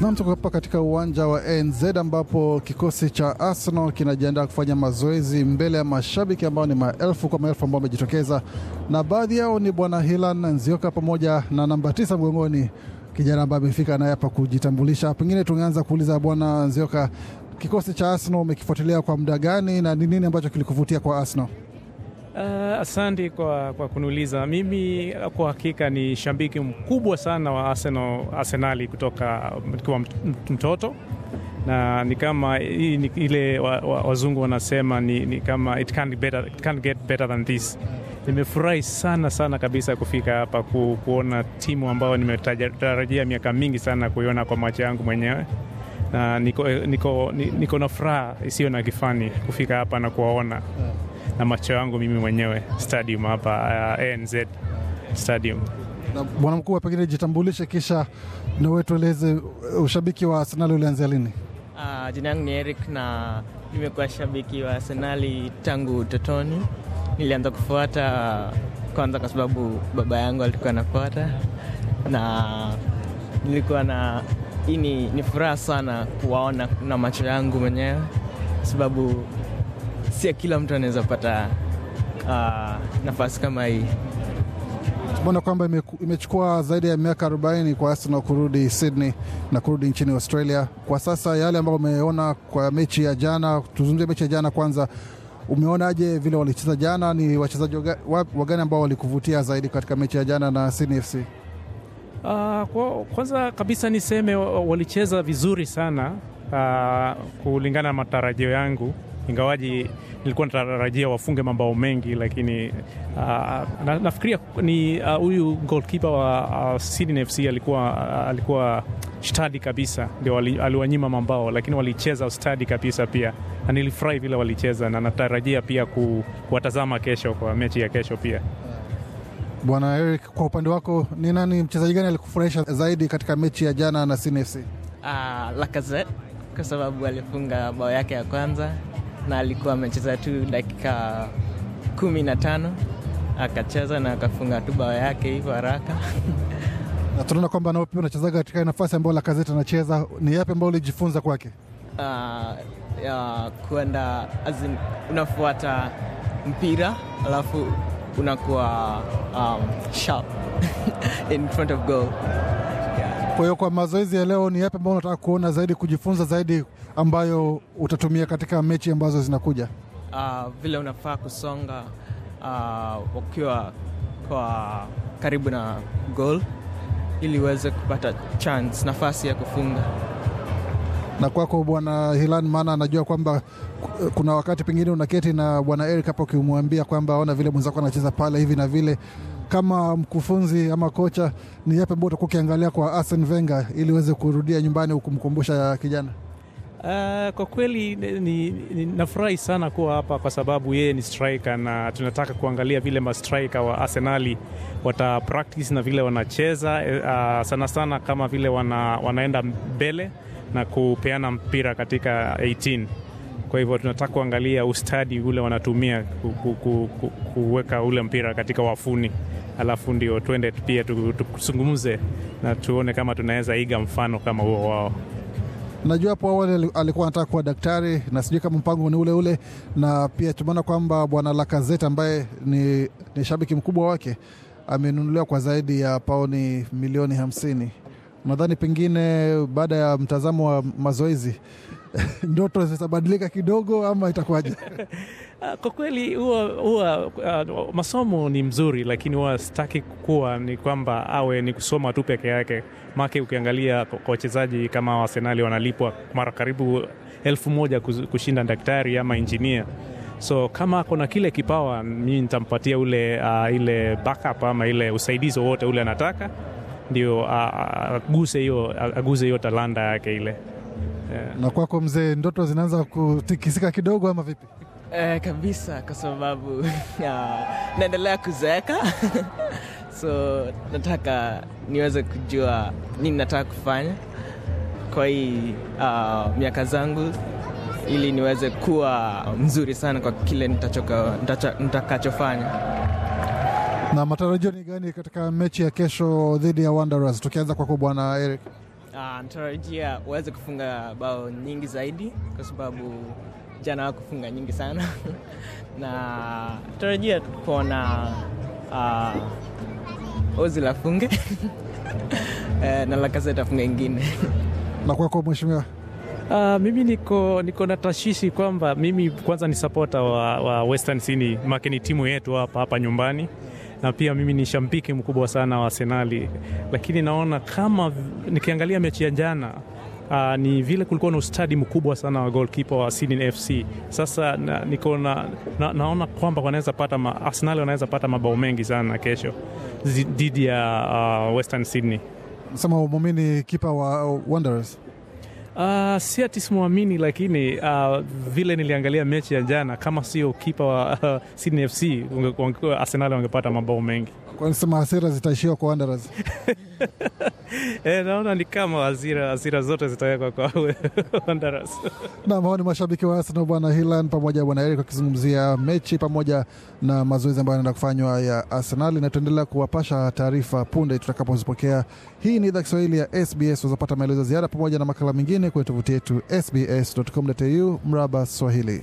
Nam, tuko hapa katika uwanja wa nz ambapo kikosi cha Arsenal kinajiandaa kufanya mazoezi mbele ya mashabiki ambao ni maelfu kwa maelfu ambao wamejitokeza, na baadhi yao ni bwana Hilan Nzioka pamoja na namba tisa mgongoni, kijana ambaye amefika naye hapa kujitambulisha. Pengine tungeanza kuuliza bwana Nzioka, kikosi cha Arsenal umekifuatilia kwa muda gani na ni nini ambacho kilikuvutia kwa Arsenal? Uh, asante kwa, kwa kuniuliza. Mimi kwa hakika ni shabiki mkubwa sana wa Arsenal, Arsenali kutoka kiwa mtoto na ni kama hii ni ile wazungu wa, wa wanasema ni, ni kama it can't, better, it can't get better than this. Nimefurahi sana sana kabisa kufika hapa ku, kuona timu ambayo nimetarajia miaka mingi sana kuiona kwa macho yangu mwenyewe na niko, eh, niko, niko, niko na furaha isiyo na kifani kufika hapa na kuwaona na macho yangu mimi mwenyewe stadium hapa uh, ANZ stadium. Bwana mkuu, pengine jitambulishe, kisha nawe tueleze uh, ushabiki wa Arsenal ulianzia lini? Uh, jina yangu ni Eric na nimekuwa shabiki wa Arsenal tangu utotoni. Nilianza kufuata kwanza kwa sababu baba yangu alikuwa anafuata, na nilikuwa na ini, ni furaha sana kuwaona na macho yangu mwenyewe, sababu si kila mtu anaweza pata uh, nafasi kama hii. Tumeona kwamba imechukua zaidi ya miaka 40 kwa Arsenal kurudi Sydney na kurudi nchini Australia. Kwa sasa yale ambayo umeona kwa mechi ya jana, tuzungumzie mechi ya jana kwanza. Umeonaje vile walicheza jana? Ni wachezaji wagani ambao walikuvutia zaidi katika mechi ya jana na Sydney FC? Uh, ah, kwanza kabisa niseme walicheza vizuri sana uh, kulingana na matarajio yangu ingawaji nilikuwa natarajia wafunge mabao mengi, lakini uh, na, nafikiria ni ah, huyu uh, golkipa wa uh, ah, FC alikuwa, uh, alikuwa stadi kabisa, ndio aliwanyima mambao lakini walicheza stadi kabisa pia, na nilifurahi vile walicheza, na natarajia pia kuwatazama kesho kwa mechi ya kesho pia. Bwana Eric, kwa upande wako ni nani mchezaji gani alikufurahisha zaidi katika mechi ya jana na cnfc Uh, kwa sababu alifunga bao yake ya kwanza na alikuwa amecheza tu dakika kumi na tano akacheza na akafunga tu bao yake hivyo haraka. na tunaona kwamba nao pia unachezaga katika nafasi ambayo Lacazette anacheza. Ni yapi ambayo ulijifunza kwake? Uh, ah, uh, kuenda azin, unafuata mpira alafu unakuwa um, sharp in front of goal. Kwa hiyo kwa mazoezi ya leo, ni yapi ambayo unataka kuona zaidi, kujifunza zaidi, ambayo utatumia katika mechi ambazo zinakuja? Uh, vile unafaa kusonga uh, ukiwa kwa karibu na goal ili uweze kupata chance, nafasi ya kufunga. Na kwako bwana Hilan, maana anajua kwamba kuna wakati pengine unaketi na bwana Eric hapo, ukimwambia kwamba ona vile mwenzako anacheza pale hivi na vile kama mkufunzi ama kocha, ni yapi ambao utakuwa ukiangalia kwa Arsene Wenger ili uweze kurudia nyumbani kumkumbusha kijana? Uh, kwa kweli nafurahi sana kuwa hapa kwa sababu yeye ni striker na tunataka kuangalia vile mastrika wa Arsenali wata practice na vile wanacheza uh, sana sana kama vile wana, wanaenda mbele na kupeana mpira katika 18. Kwa hivyo tunataka kuangalia ustadi ule wanatumia kuweka ule mpira katika wafuni alafu ndio twende pia tuzungumze na tuone kama tunaweza iga mfano kama huo wao. Najua hapo awali alikuwa anataka kuwa daktari na sijui kama mpango ni ule ule, na pia tumeona kwamba bwana Lakazet ambaye ni, ni shabiki mkubwa wake amenunuliwa kwa zaidi ya paoni milioni hamsini nadhani pengine baada ya mtazamo wa mazoezi ndoto zitabadilika kidogo ama itakuwaje? Kwa kweli huwa huwa uh, masomo ni mzuri, lakini huwa sitaki kuwa ni kwamba awe ni kusoma tu peke yake. Make ukiangalia kwa wachezaji kama wa Arsenali wanalipwa mara karibu elfu moja kushinda daktari ama injinia so kama kuna kile kipawa mi nitampatia ule uh, ile backup ama ile usaidizi wowote ule anataka ndio aguse hiyo aguse hiyo talanta yake ile yeah. Na kwako mzee, ndoto zinaanza kutikisika kidogo ama vipi? Eh, kabisa, kwa sababu naendelea kuzeeka so nataka niweze kujua nini nataka kufanya kwa hii uh, miaka zangu ili niweze kuwa mzuri sana kwa kile nitachokachofanya nita na matarajio ni gani katika mechi ya kesho dhidi ya Wanderers? Tukianza kwako Bwana Eric. Ah, natarajia waweze kufunga bao nyingi zaidi kwa sababu jana kufunga nyingi sana na tarajia kuona uh, Ozi la funge eh, na Lacazette afunge ingine. Na kwako mheshimiwa? Uh, mimi niko, niko na tashwishi kwamba mimi kwanza ni supporter wa, wa Western Sydney, make ni timu yetu hapa hapa nyumbani na pia mimi ni shambiki mkubwa sana wa Arsenali, lakini naona kama nikiangalia mechi ya jana Uh, ni vile kulikuwa na ustadi mkubwa sana wa golkipa wa Sydney FC. Sasa na, niko na, na, naona kwamba wanaweza pata ma, Arsenal wanaweza pata mabao mengi sana kesho dhidi ya uh, Western Sydney. Sema umumini kipa wa Wanderers Uh, si ati simwamini lakini uh, vile niliangalia mechi ya jana, kama sio kipa wa uh, Sydney FC Arsenal wangepata mabao mengi. Kwa sema hasira zitaishiwa kwa Wanderers E, naona ni kama hasira zote zitawekwa kwa Wanderers. Nam, hao ni mashabiki wa Arsenal, bwana Hilan pamoja bwana Eric wakizungumzia mechi pamoja na mazoezi ambayo yanaenda kufanywa ya Arsenali, na tuendelea kuwapasha taarifa punde tutakapozipokea. Hii ni idhaa Kiswahili ya SBS. Wazapata maelezo ziada pamoja na makala mengine kwenye tovuti yetu sbs.com.au mraba Swahili.